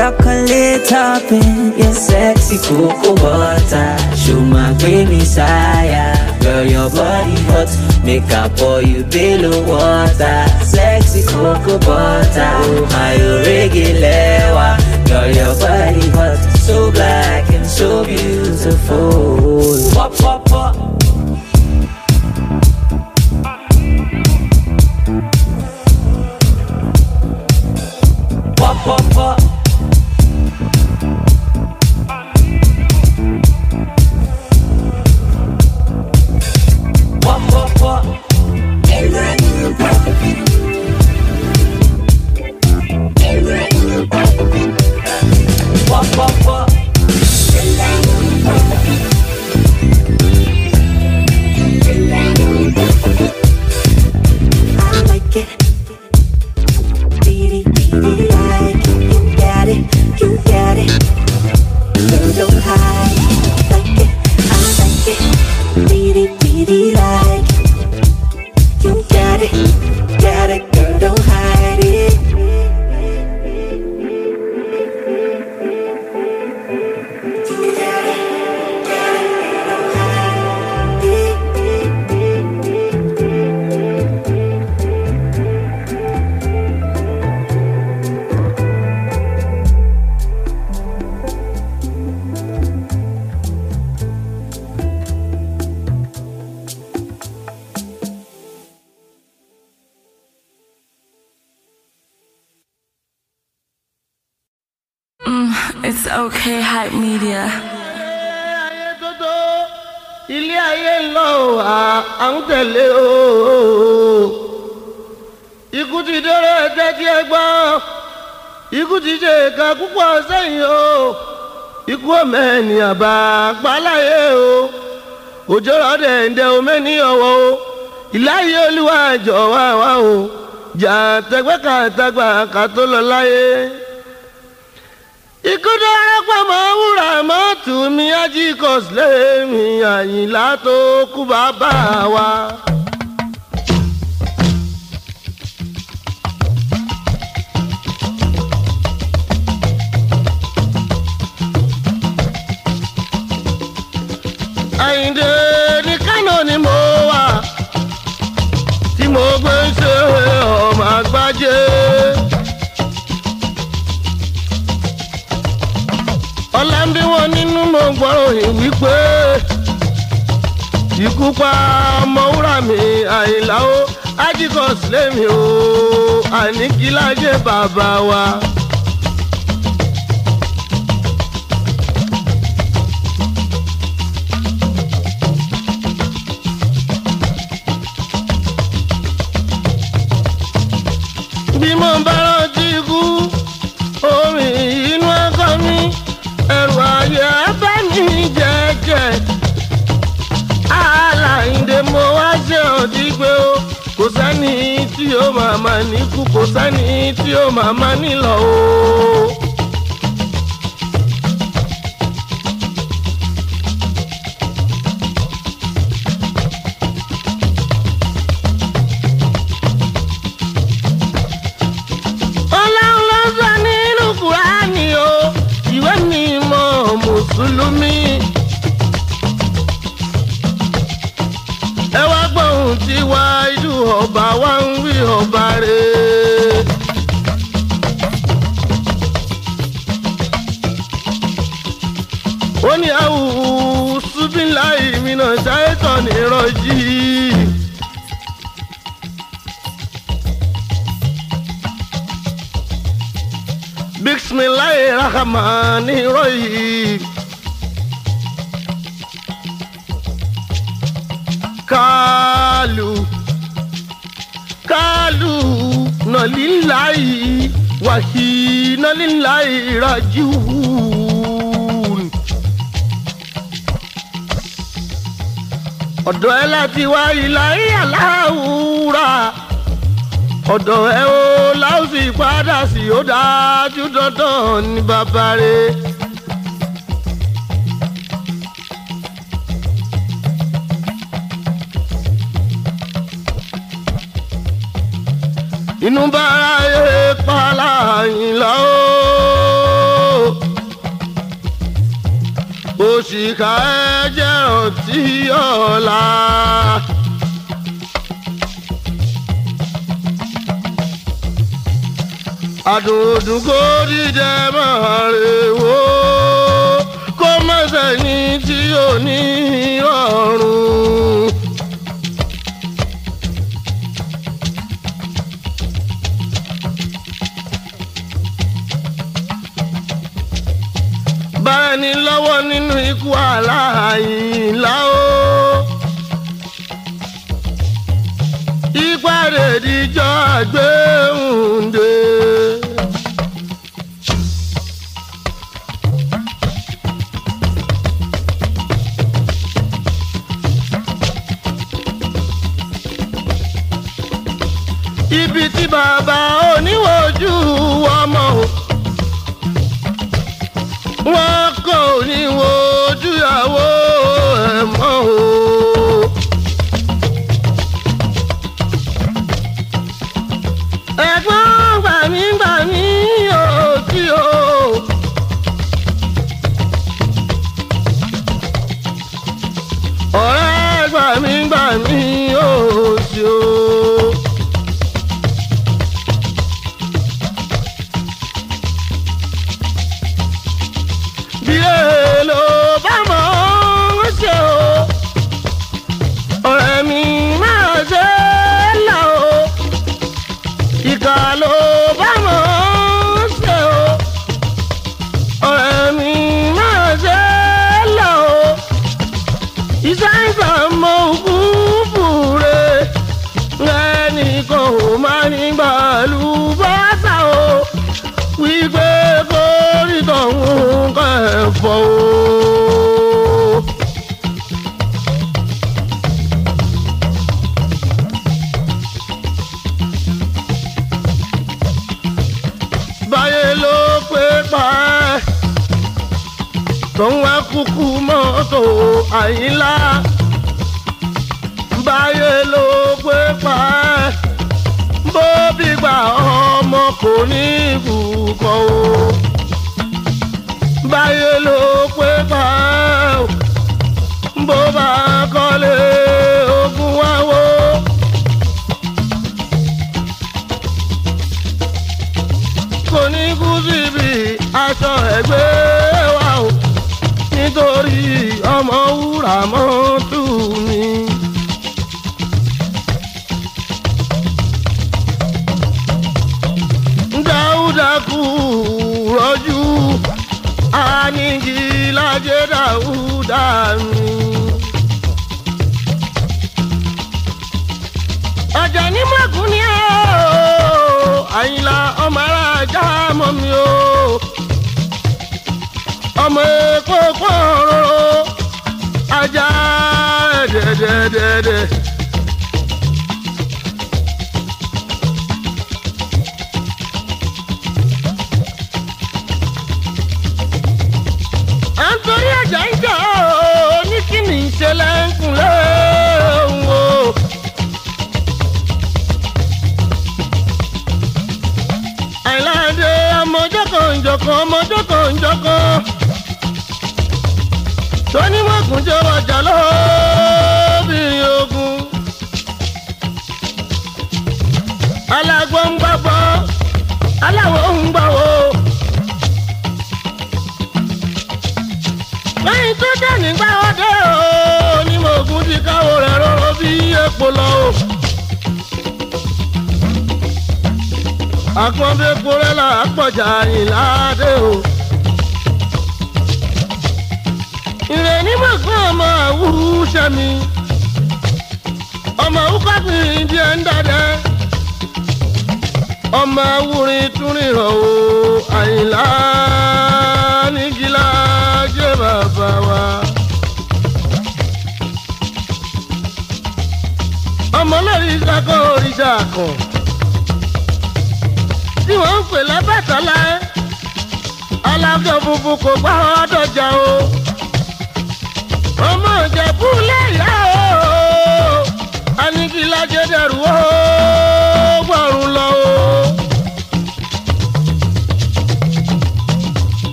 chocolate topping, your sexy cocoa butter, Show my creamy saya. Girl, your body hot, make up for you below water. Sexy cocoa butter, oh my regular. Girl, your body hot, so black and so beautiful. Pop, pop, pop. Pop, pop, pop. It's okay hype media. ilé ayé lọ à ń tẹ̀lé o ikú ti dọ́rọ̀ ẹ̀jẹ̀ kí ẹ gbọ́ ikú ti ṣe ìka púpọ̀ sẹ́yìn o ikú ọmọ ẹni àbá gbáláyé o òjò rọ̀dẹ̀ ǹdẹ̀ omi ní ọwọ́ o ìláyé olúwa jọ̀ wá wá o jà tẹgbẹ́ kàtàgbà kàtó lọ láyé ikú dára pamọ́ wúrà mọ́ tùmí ajíkọ̀s lẹ́mí àyìnlá tó kú bàbá wa. Àyìndé. nínú mo gbọ́rọ̀ ìwí pé ikú pa ọmọwúrà mi àìláwó ájíkọ̀ọ́sì lèmi o àníkí lájẹ́ bàbá wa. sẹ́ni tí ó máa máa ní kú kò sẹ́ni tí ó máa máa nílọ o. ká máa nírọ̀ yìí. Kálù Kálù nọ̀líláì wàhí nọ̀líláì rajú. ọ̀dọ̀ ẹ láti wá ìlà ìyàlá òwúrà ọ̀dọ̀ ẹ o láòsì padà sí ó dájú dandan ní bàbá rẹ̀. inú bá ayé pààlà yìí lọ òṣìkà ẹ jẹ́ ọ̀tí ọ̀la. àdùndùn kò dìde máa rèwò kó má sẹ́yìn tí ò ní ọ̀run. báni lọ́wọ́ nínú ikú aláìlá o. ipa rèdíjọ́ àgbéhùndé. o àyínlá báyé ló gbé pa ẹ́ bó bí gbà ọmọ kò ní ìbùkọ́ o báyé ló gbé pa ẹ́ bó bá kọ́lé. dáúdà mi. ọ̀jọ̀ ní mọ̀kún ni ó àyìnlá ọmọ ara mọ́ mi ó ọmọ èkó pọ̀. àpọ́nbé porẹ́là la ìlàdé o. ìrẹ̀ní mọ̀gbọ́n ọmọ àwùrú sẹ́mi ọmọ awúkọ́sì ìdí ẹ̀ ń dàdẹ́ ọmọ awúrin túnrin rọ̀ o àyìnlá nígilá jẹ́ bàbá wa. ọmọ lórí ìsakọ̀ òrìṣà kan tí wọ́n ń pè lẹ́bẹ̀tọ́lá ọlọ́jọ́ funfun kò gbá ọdọ̀jà o ọmọ ìjẹ̀bú lẹ́yà o anigilajẹdẹrù o gbọ̀rùn lọ o.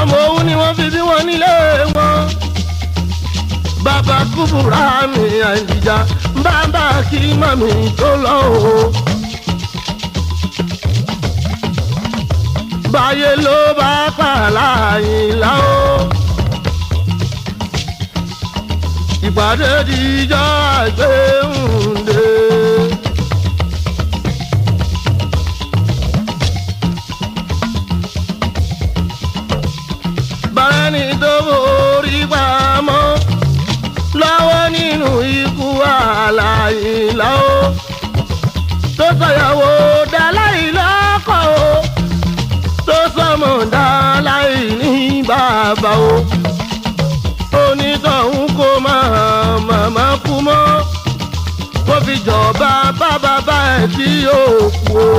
ọmọ òwú ni wọ́n fi bí wọ́n nílé wọn bàbá kúbúrà mi àìjíjà bàbá kí màmí tó lọ o. pàlà ìlà o. ìpàdé dijọ́ àgbéhùndé. bárẹ́ni tó borí pamọ́ lọ́wọ́ nínú ikú àlàyé lọ́wọ́ tó sọ̀yàwó dá láì lọ́kọ̀ o tó sọmọ dá bàbá o onítọ̀hún kò máa màmá kú mọ́ kó fi jọba bá bàbá ẹ̀ tí yóò kú o.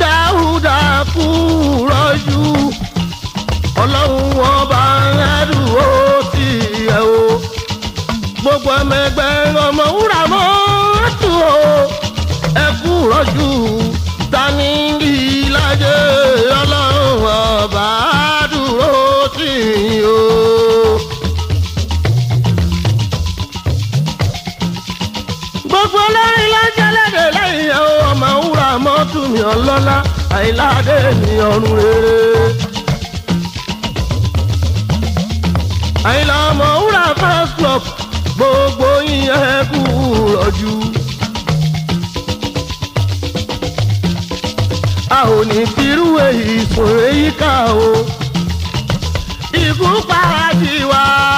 dáhùn dákú rọ́jú. tọ́jú tani rí láyé ọlọ́run ọba dúró tì í o. gbogbo olórin lọ́jọ́ lẹ́dẹ̀ lẹ́yìn ọmọ wúrà mọ́tò mi ọlọ́lá àìláde mi ọ̀run rere. àìlà ọmọ wúrà fast club gbogbo yín ẹ kú rọ̀jú. ò ní tirú èyí ìṣòro yíká o ikú pa ti wá.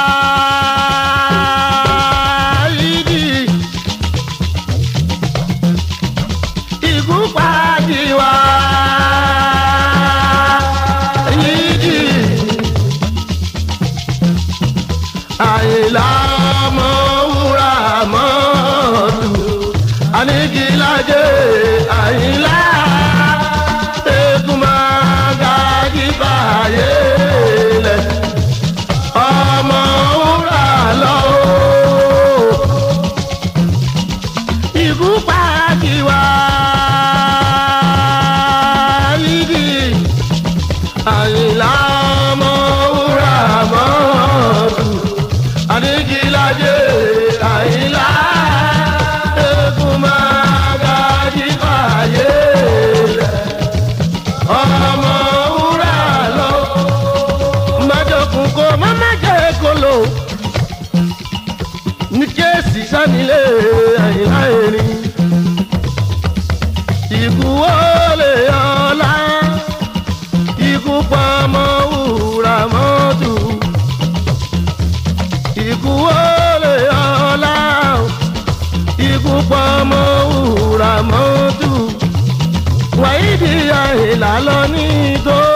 ìlà lọ ní ìdó.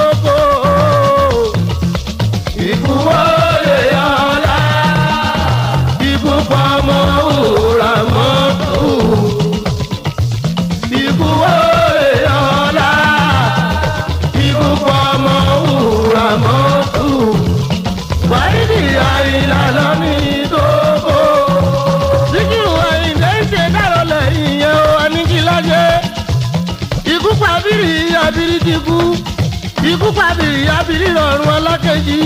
ikú pàbí abiri ọ̀run ọlọ́kẹ́jì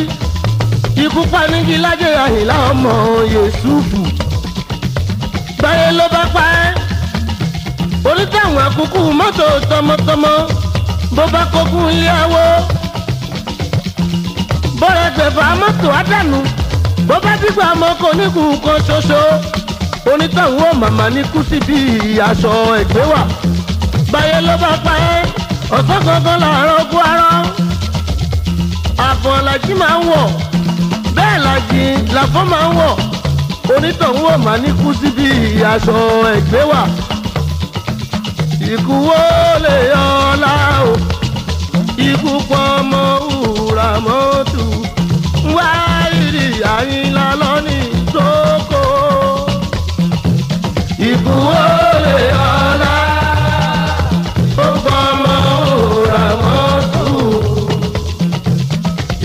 ikú panigi lájẹ àyìnlá ọmọ Yẹ̀sùfù gbáyé ló bá pa ẹ́ onítàwọn àkókò mọ́tò tọmọtọmọ bó bá kókó ilé awo bọ́rẹ̀ gbẹ̀fà mọ́tò àdànù bó bá dìgbà ọmọ kò nígun kan ṣoṣo onítàwọn ò màmá ní kú síbi aṣọ ẹ̀gbẹ́ wà gbáyé ló bá pa ẹ́ ọ̀sán kankan làárọ̀ ogún arán àbọ̀ làjí máa ń wọ̀ bẹ́ẹ̀ làjí làfọ́ máa ń wọ̀ onítọ̀hún ò máa ní kú síbi aṣọ ẹ̀gbẹ́ wà ikú wo lè yọ ọ́lá o ikú pọ̀ mọ́ òwúrà mọ́tò wá ìrì àyínlá lọ́nìí tó kó ikú wo lè yọ ọ́lá o.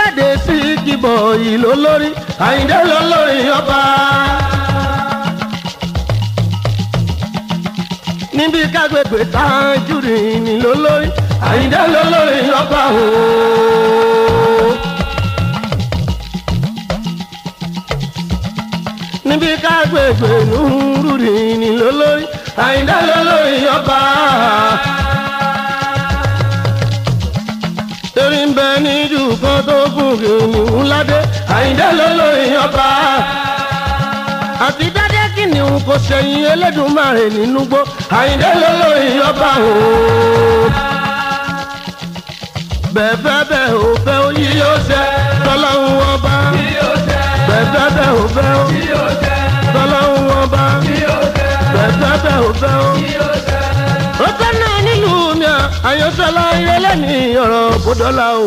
pàdé sí kíbọ̀ ìlú lórí àyíndé ló lórí ọba. níbi kágbègbè sáájú rìn ní ló lórí àyíndé ló lórí ọba o. níbi kágbègbè nùúrù rìn ní ló àyíndé ló lórí ọba. tó kù kìnnìún ládé àyíndé lólórin ọba. àti dádé kìnnìún kò ṣẹ̀yìn Elédùmarè nínú gbó àyíndé lólórin ọba òun. bẹ̀ẹ̀fẹ́ bẹ́ẹ̀ ò fẹ́ ó yí yóò ṣe tọ́lọ́hún ọba. bẹ̀ẹ̀fẹ́ bẹ́ẹ̀ ò fẹ́ ó tọ́lọ́hún ọba. bẹ̀ẹ̀fẹ́ bẹ́ẹ̀ ò fẹ́ ó. ó tẹ́ náà nílùú mi àyànṣọ́lá ìrẹ́lẹ̀ ní ọ̀rọ̀ bọ́dọ́lá o.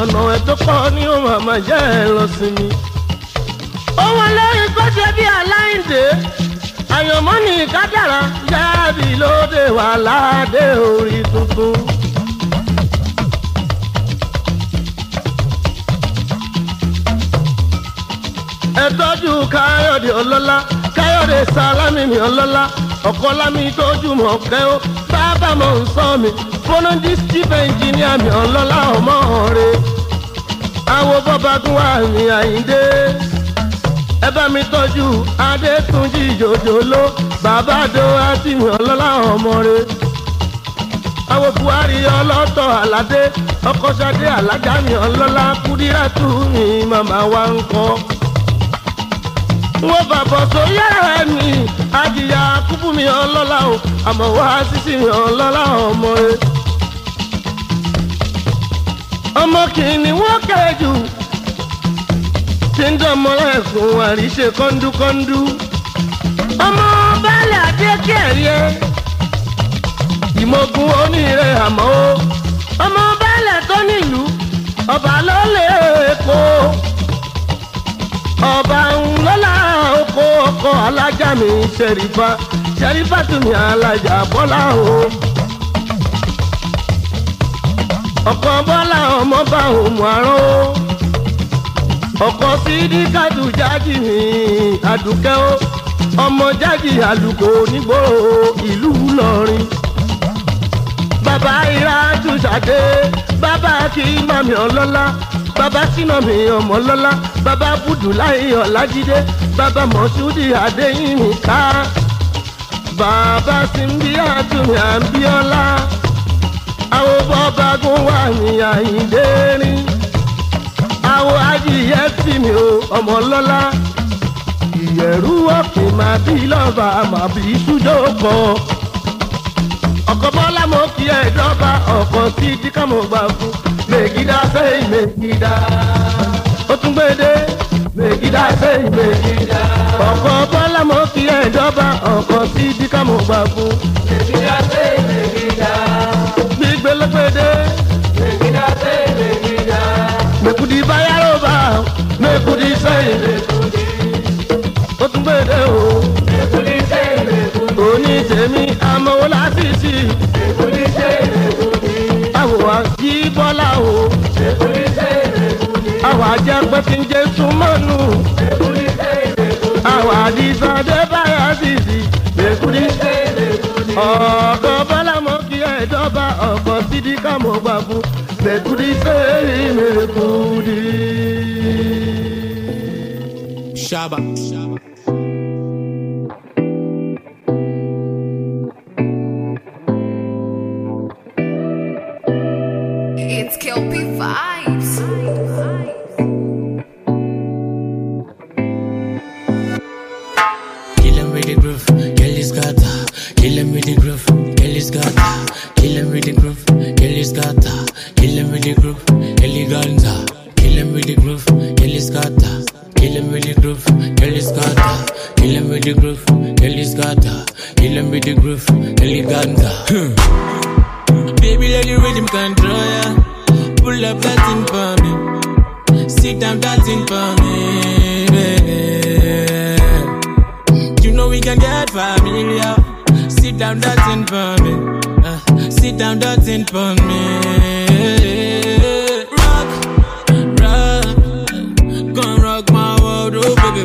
ọ̀nà ẹ̀ tó kọ́ ni ó máa máa yá ẹ lọ sinmi. owó lórí kó ṣe bí aláìndé àyànmọ́ ní kádàrá yáàbí lóde wà ládé orí tuntun. ẹ tọ́jú káyọ̀dé ọlọ́lá káyọ̀dé sálámì mi ọlọ́lá ọkọ lámì tójú mọ̀ kẹ́ ó bàbá mọ̀ ń sọ mi fọ́nà dí steve engineer mi ọlọ́lá ọmọ rẹ̀ àwọn bọ́bágún wà ní àyíndé ẹ bá mi tọ́jú adétúnjì jòjòló bàbá do àtìmọ̀ ọlọ́lá ọmọ rẹ àwọn buhari ọlọ́tọ̀ aládé ọkọ̀ṣadé alájà mi ọlọ́lá kúdírátù mi màmá wa ń kọ́ wọ́n bàbọ̀ sóyè mi àjìyà kúbù mi ọlọ́lá o àmọ̀ wá sísì mi ọlọ́lá ọmọ rẹ ọmọ kìíní wọ́n kéré jù tí ń dánmọ́ lẹ́kùn àríṣe kọ́ńdúkọ́ńdú ọmọ baálé adé kẹrìẹ ìmọ̀gùn onírè àmọ́ ọmọ baálé tó nílùú ọba ló lè kó ọba ń lọ́la oko ọkọ̀ alájà mi ṣẹ̀rífà ṣẹ̀rífà tún ní alájà bọ́lá o ọkọ bọ́lá ọmọ bá òmù àrán o ọkọ sídí kádù jágì ní àdùkẹ́ o ọmọ jágì àlùkò nígbò ìlú Ìlọrin bàbá ira tùṣàdé bàbá kí mami ọlọ́lá bàbá sinami ọmọlọ́lá bàbá budulai ọlájídé bàbá mọ̀ṣúdì adéyìnká bàbá simbi àtúnyàmbíọ́lá àwọn bọ́bágún wà ní àyíndé rìn àwọn adìyẹ tì mí o ọmọ lọ́lá ìyẹ̀rú ọ̀kìn máa bí lọ́ba máa bí túndókọ̀ ọkọ̀ bọ́lá mo kí ẹ̀ dọ́ba ọkọ̀ tí díkà mo gbà fún mègídá sẹ́yìn mègídá ó tún gbédè mègídá sẹ́yìn mègídá ọkọ̀ bọ́lá mo kí ẹ̀ dọ́ba ọkọ̀ tí díkà mo gbà fún mègídá sẹ́yìn mègídá lọ́gbẹ̀dẹ. Megida se Megida. Mekudi bayaroba, Mekudi se Mekudi. Ó tún gbèdé o. Mekudi se Mekudi. Òní tèmi amọ̀wó lásìsì. Mekudi se Mekudi. Àwọ̀ àjíbọ́lá o. Mekudi se Mekudi. Àwọ̀ àjẹpẹ́ ti ń jẹ́ sún. di ka mo sei mekudi. Shaba. Shaba. with the groove, girl is gata. Kill him with the groove, girl is gata. Kill him with the groove, girl is gata. Baby, let the rhythm control ya. Pull up that thing for me. Sit down that thing for me. baby. You know we can get familiar. Sit down that thing for me. Uh, sit down that thing for me.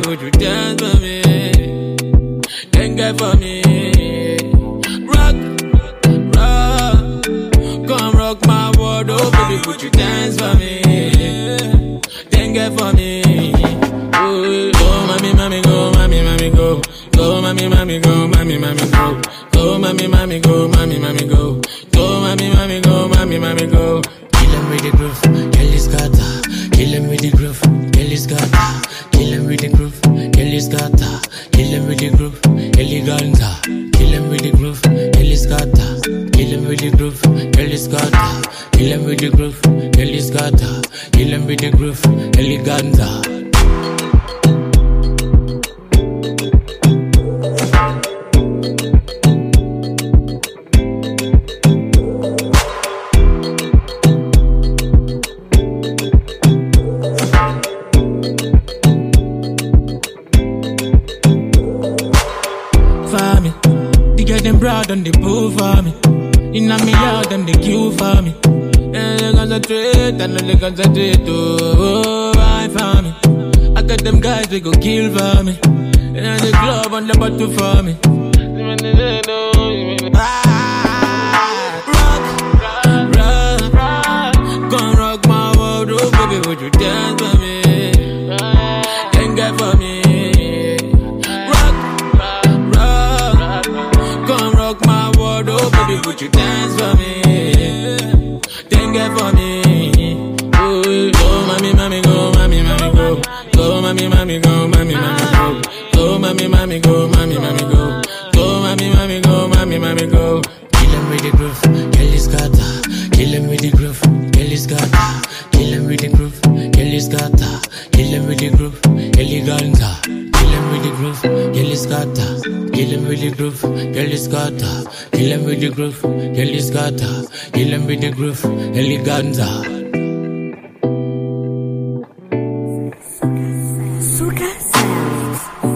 baby, would you dance for me? get for me. Rock, rock, come rock my world, oh baby, would you dance for me? get for me. Ooh, go, mommy, mommy, go, mommy, mommy, go. Go, mommy, mommy, go, mommy, mommy, go. Go, mommy, mommy, go, mommy, mommy, go. Go, mommy, mommy, go, mommy, mommy, go. Kill him with the groove, Kelly Scotta. Kill him with the groove. make groove. you dance for me. Then get for me. go, mommy, mommy, go, mommy, mommy, go. Go, mommy, mommy, go, mommy, mommy, go. Go, mommy, mommy, go, mommy, mommy, go. Go, mommy, mommy, go, mommy, mommy, go. Kill him with the groove, kill his gotta. Kill him with the groove, kill his gotta. Kill him with the groove, kill his gotta. Kill him with the groove, kill his gata. Kill him with the groove, kill his gata. Kill him with the groove, Helis Gata, uh, kill him with the groove. Helis Gata, uh, kill him with the groove. Heliganza. Suka uh.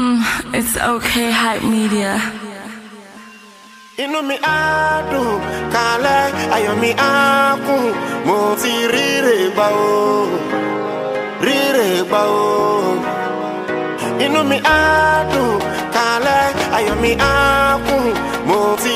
mm, It's okay, hype media. inú mi á dùn kálẹ̀ ayọ̀ mi á kún mo ti ríre bá o. rírè gbà o. inú mi á dùn kálẹ̀ ayọ̀ mi á kún mo ti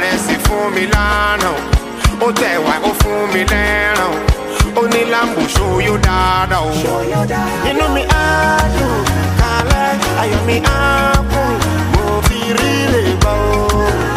rẹ̀ sì fún mi lánàá ó tẹ̀wá ó fún mi lẹ́ràn ó ní láǹbù ṣòyó dáadáa o. inú mi á dùn kálẹ̀ ayọ̀ mi á kún mo fi rí lè bá o.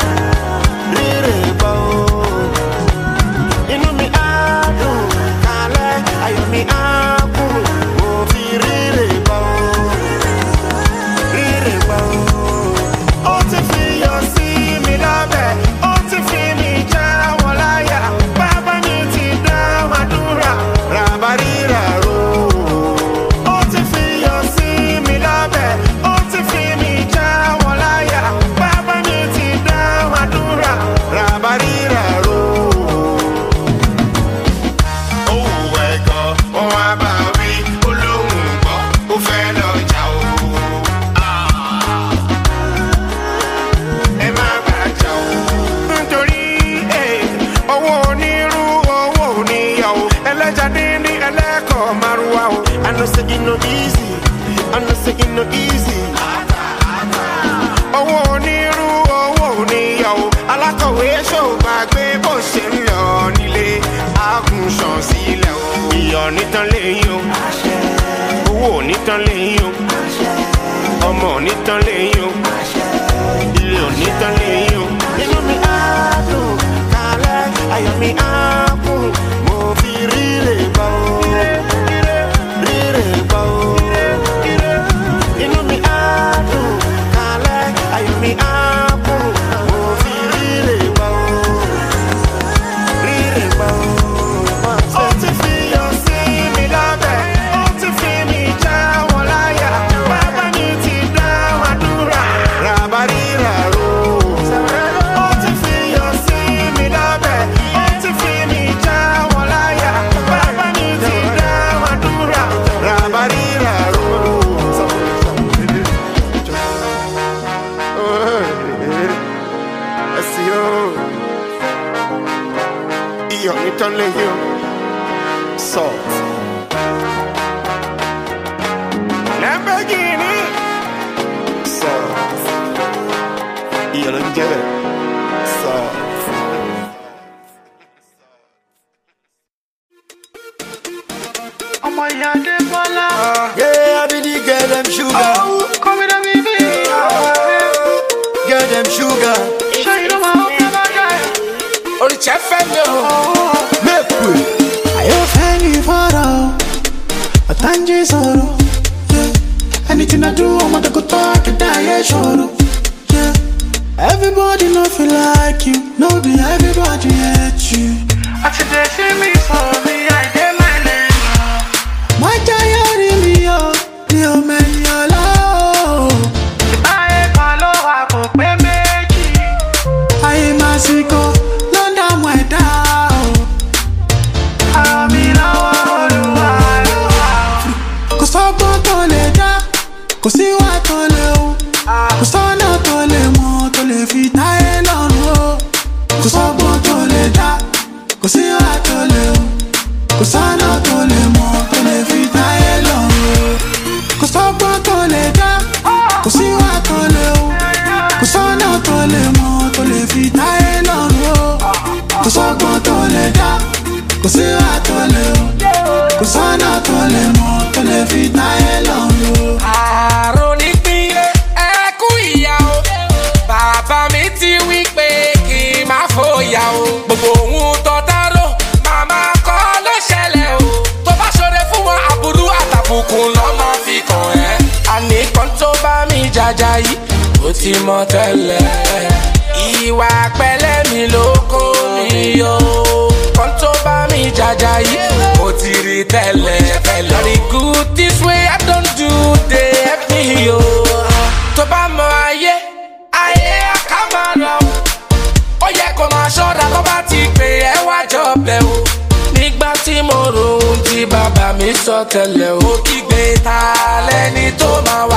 tán lẹ́yìn o ọmọ ò ní tán lẹ́yìn o ilé ò ní tán lẹ́yìn o inú mi á dùn kálẹ̀ ayọ̀ mi á dùn. choro. Yeah. Everybody not feel like you, no be everybody hate you. I today see me for me, I get my name. My child in me, oh, dear man. kò sí wa tó lè o kò sọ́nà tó lè mọ tó lè fi táyé lọ́rùn o. ààrùn ní pínlẹ̀ ẹ kú ìyá o bàbá mi ti wí pé kí n mi jàjà yìí ó ti mọ ìwà pẹ̀lẹ́ mi ló kó mi yọ. Ajayi mo ti rí tẹ́lẹ̀ tẹ́lẹ̀. Very good this way I don do dey help me o. Tó bá mọ ayé, ayé àká máa lọ. Ó yẹ kó máa ṣọ́ra tó bá ti pè ẹ́ wá jọ̀bẹ̀ o. Nígbà tí mo ròhun tí bàbá mi sọ tẹ́lẹ̀ o. Mo kígbe ta lẹ́ni tó máa wá.